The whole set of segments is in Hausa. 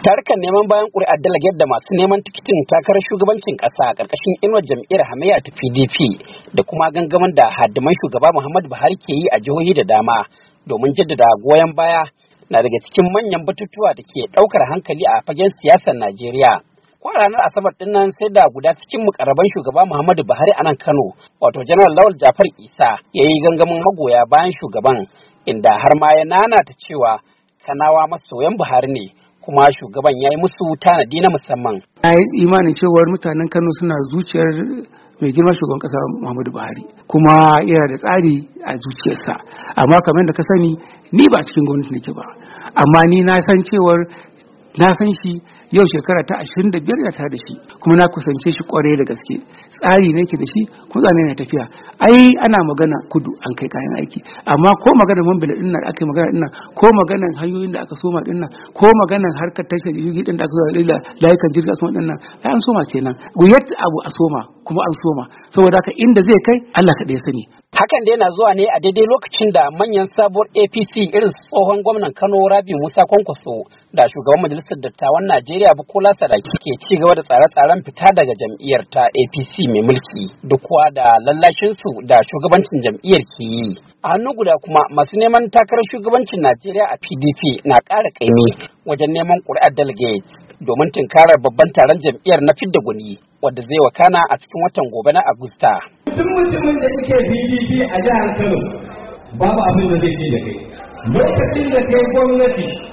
tarukan neman bayan ƙuri'ar dalagiyar da masu neman tikitin takarar shugabancin ƙasa a ƙarƙashin inuwar jam'iyyar hamayya ta pdp da kuma gangamin da hadiman shugaba muhammadu buhari ke yi a jihohi da dama domin jaddada goyon baya na daga cikin manyan batutuwa da ke ɗaukar hankali a fagen siyasar najeriya Kuma ranar asabar ɗin nan sai da guda cikin mukarraban shugaba muhammadu buhari a nan kano wato janar lawal jafar isa ya yi gangamin magoya bayan shugaban inda har ma ya nanata cewa kanawa masoyan buhari ne kuma shugaban ya yi musu tanadi na musamman. Na yi imanin cewar mutanen Kano suna zuciyar mai girma shugaban kasa Muhammadu Buhari kuma yana da tsari a zuciyarsa amma kamar da ka sani ni ba cikin gwamnati nake ba amma ni na san cewar na san shi yau shekara ta ashirin da biyar na tare da shi kuma na kusance shi kwarai da gaske tsari ne ke da shi kuma zane na tafiya ai ana magana kudu an kai kayan aiki amma ko magana man dinna dinnan aka magana dinnan ko magana hanyoyin da aka soma dinnan ko magana harkar tashar jirgi din da aka zuwa layukan jirgi soma dinnan ai an soma kenan guyat abu a soma kuma an soma saboda haka inda zai kai Allah kaɗai sani hakan dai yana zuwa ne a daidai lokacin da manyan sabuwar APC irin tsohon gwamnan Kano Rabi Musa Kwankwaso da shugaban majalisar majalisar dattawan Najeriya Bukola sadaki ke ci gaba da tsare-tsaren fita daga jam'iyyar ta APC mai mulki duk kuwa da lallashin su da shugabancin jam'iyyar ke yi. A hannu guda kuma masu neman takarar shugabancin Najeriya a PDP na ƙara ƙaimi wajen neman ƙuri'ar delegates domin tunkarar babban taron jam'iyyar na fidda guni wadda zai wakana a cikin watan gobe na Agusta. Duk mutumin da yake PDP a jihar Kano babu abin da zai da kai. Lokacin da kai gwamnati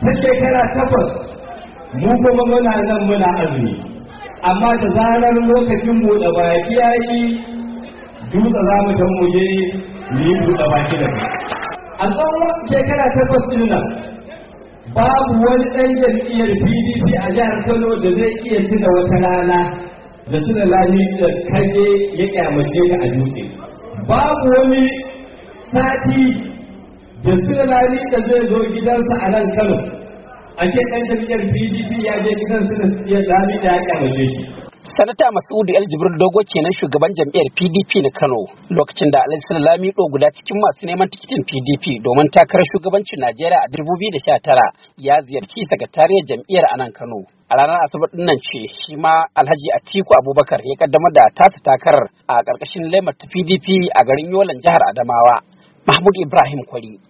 ta shekara takwas mu kuma muna nan muna azumi amma da zarar lokacin da baki ya yi dutse za mu tan muje mu yi buɗe baki da a tsawon shekara takwas ɗin babu wani ɗan jam'iyyar pdp a jihar kano da zai iya tuna wata rana da tuna lami da kaje ya kyamace ka a dutse babu wani sati da sinanari da zai zo gidansa a nan kano a ke ɗan jam'iyyar pdp ya je gidansu da ya dami da ya kyamace shi sanata masudu el jibril dogo kenan shugaban jam'iyyar pdp na kano lokacin da alhaji lami do guda cikin masu neman tikitin pdp domin takarar shugabancin najeriya a 2019 ya ziyarci sakatariyar jam'iyyar a nan kano a ranar asabar dinnan ce shi ma alhaji atiku abubakar ya kaddamar da tasa takarar a ƙarƙashin lemar ta pdp a garin yolan jihar adamawa mahmud ibrahim kwari